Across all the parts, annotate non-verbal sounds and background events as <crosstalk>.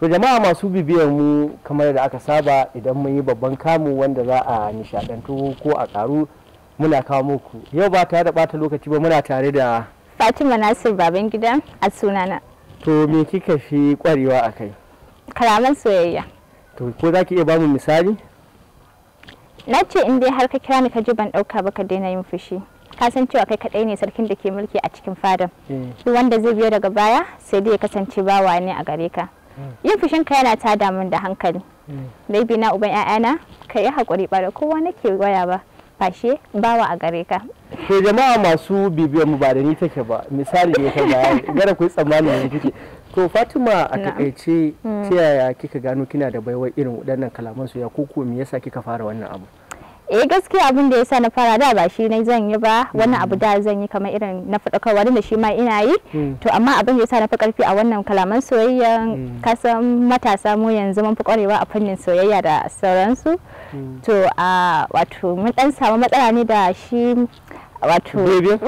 to jama'a masu bibiyar mu kamar da aka saba idan mun yi babban kamu wanda za a nishadantu ko a karu muna kawo muku yau ba tare da bata lokaci ba muna tare da fatima nasir baban gida a sunana to me kika fi kwarewa a kai karaman soyayya to ko za ki iya bamu misali na ce in dai har ka kira ni ka ji ban dauka ba ka daina yin fushi ka san cewa kai kadai ne sarkin da ke mulki a cikin fadan eh. duk wanda zai biyo daga baya sai dai ya kasance bawa ne a gare ka yin fushin ka yana ta min da hankali laifi mm. na uban 'yayana ka yi haƙuri ba kowa nake waya ba fashe bawa a gare ka ke jama'a masu bibiyar mu ba da ni take ba misali ne kan ba gara ku tsammanin da kike to Fatima a takaice mm. ta yaya kika gano kina da baiwar irin waɗannan kalaman su ya koko me yasa kika fara wannan abu eh gaskiya abin da ya sa na fara da ba shi ne zan yi ba wani abu mm. da zan yi kamar irin na fadakarwa da shi ma ina yi mm. to amma abin da ya sa na fi karfi a wannan kalaman soyayya mm. kasan matasa mu yanzu mun fi kwarewa a fannin soyayya da sauransu to a wato mun dan samu matsala ne da shi wato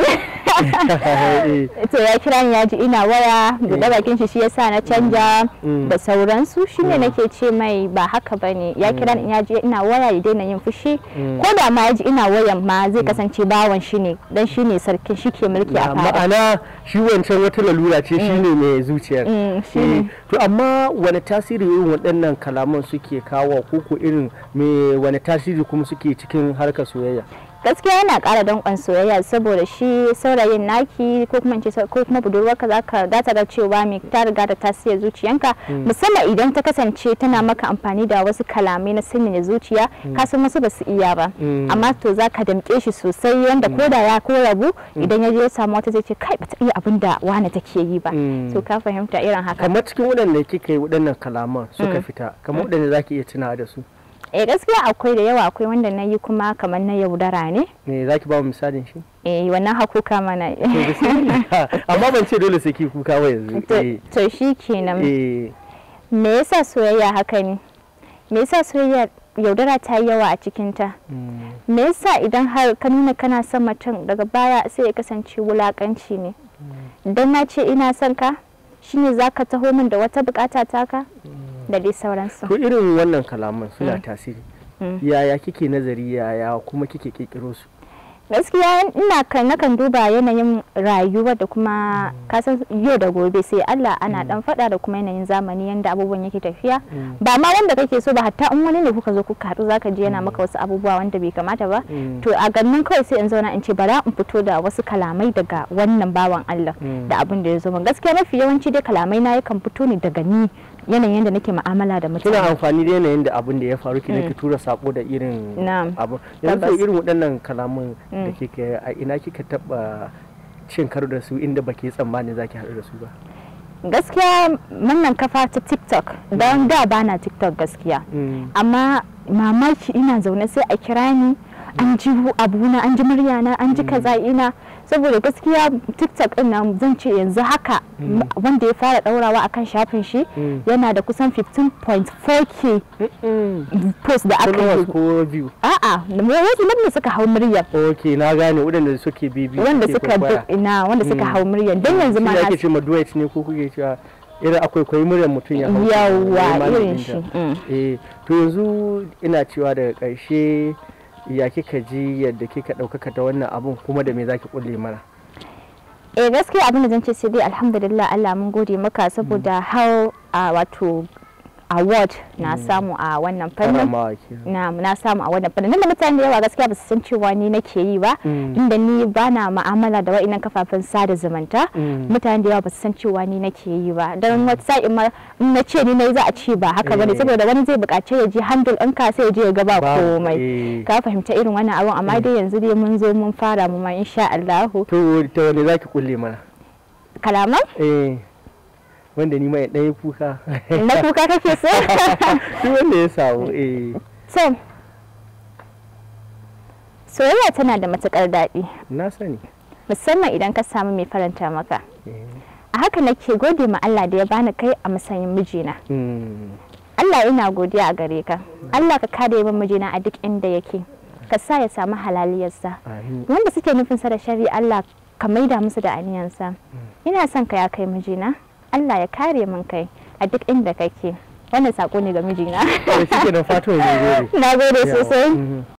to ya kira ni ya ji ina waya eh. buɗe bakin shi shi yasa na canja da mm. mm. sauransu shine mm. nake ce mai ba haka ne ya kira ni ya ji ina waya ya daina yin fushi ko da ma ya ji ina wayan ma zai kasance bawan shi ne dan shi ne eh, sarkin shi ke mulki a fara ma'ana shi wancan wata lalura ce shi ne mai zuciyar to amma wani tasiri irin waɗannan kalaman suke kawo ko ko irin me wani tasiri kuma suke cikin harkar soyayya gaskiya yana ƙara danƙon soyayya saboda shi saurayin naki ko kuma ko kuma budurwarka zaka za ta ga cewa me ta riga da ta siya zuciyanka hmm. musamman idan ta kasance tana maka amfani da wasu kalamai na sanyaya zuciya hmm. ka san wasu ba su iya ba hmm. amma to zaka damƙe shi sosai yanda ko da ya ko rabu idan ya je ya samu wata zai ce kai ba ta iya abin da wani take yi ba to ka fahimta irin haka kamar cikin waɗanda kike waɗannan kalaman suka fita kamar waɗanda zaki iya tuna da su eh gaskiya akwai da yawa akwai wanda na yi kuma kamar na yaudara ne me za ki ba mu misalin shi eh wannan hakuka mana <laughs> amma ban ce dole sai ki kuka wa yanzu to eh. shi kenan eh. me yasa soyayya haka ne me yasa soyayya yaudara ta yi yawa a cikinta hmm. me yasa idan har ka nuna kana son mutum daga baya sai ya kasance wulakanci ne hmm. idan na ce ina son ka shine za ka taho min da wata bukata taka hmm. da dai sauransu ko irin wannan kalaman suna mm. tasiri mm. yaya kike nazari yaya kuma kike kirkiro su gaskiya ina kan nakan duba yanayin rayuwa da kuma mm. kasan yau da gobe sai Allah ana dan fada da kuma yanayin zamani yanda abubuwan yake tafiya ba ma wanda kake so ba hatta in wani ne kuka zo kuka haɗu zaka ji yana maka wasu abubuwa wanda bai kamata ba to a gannin kawai sai in zauna in ce bara in fito da wasu kalamai daga wannan bawan Allah da abin da ya zo gaskiya mafi yawanci dai kalamai na yakan fito ne daga ni yanayin da nake ma'amala da mutane kina amfani da yanayin da abin da ya faru ki nake mm. tura sako da irin abu yanzu irin waɗannan kalaman da mm. kike a ina kika taba cin karo da su inda baki tsammani zaki haɗu da su ba gaskiya nan kafa ta tiktok don mm. da ba bana tiktok gaskiya amma mamaki ina zaune sai a kira ni an ji abuna an ji muryana an ji kaza ina saboda gaskiya tiktok din nan zan ce yanzu haka mm. wanda ya fara daurawa akan shafin shi mm. yana da kusan 15.4k post da aka yi ko view a'a wasu nan suka hau murya okay na gane wadanda suke bibi wanda suka ina wanda suka mm. hau murya dan yanzu ma na ce ma duet ne ko kuke cewa irin akwai kwai muryar mutum ya hau yawa irin shi eh to yanzu ina cewa daga karshe ya kika ji yadda kika ɗaukaka ta wannan abun kuma da me za ki kulle mana eh gaskiya abin da zan ce sai dai alhamdulillah Allah mun gode maka saboda mm. a ah, wato award mm. na samu a wannan fannin na samu a wannan fannin da mutane da yawa gaskiya ba su san cewa ni nake yi ba inda mm. ni bana ma'amala da wa'annan kafafen sada zumunta mm. mutane da yawa ba su san cewa ni nake yi ba dan wata sai in na ce ni nayi za a ce ba haka bane eh. saboda wani zai bukace ya ji handle ka sai ya je ya ga ba komai eh. ka fahimta irin wannan abun amma dai yanzu dai mun zo mun fara mu ma insha Allah to to ne zaki kulle mana kalaman eh wanda ni mai ɗaya kuka na kuka kake so shi <laughs> wanda ya samu eh so soyayya tana da matukar daɗi na sani musamman idan ka samu mai faranta maka eh. a haka nake gode ma Allah da ya bani kai a matsayin mijina hmm. Allah ina godiya a gare ka Allah ka kare min mijina a duk inda yake ka sa ya samu halaliyarsa wanda suke nufin sa da shari'a Allah ka maida musu da aniyansa hmm. ina son ka ya kai mijina Allah ya kare min kai a duk inda kake wannan sako ne ga mijina eh, <laughs> na gode sosai mm-hmm.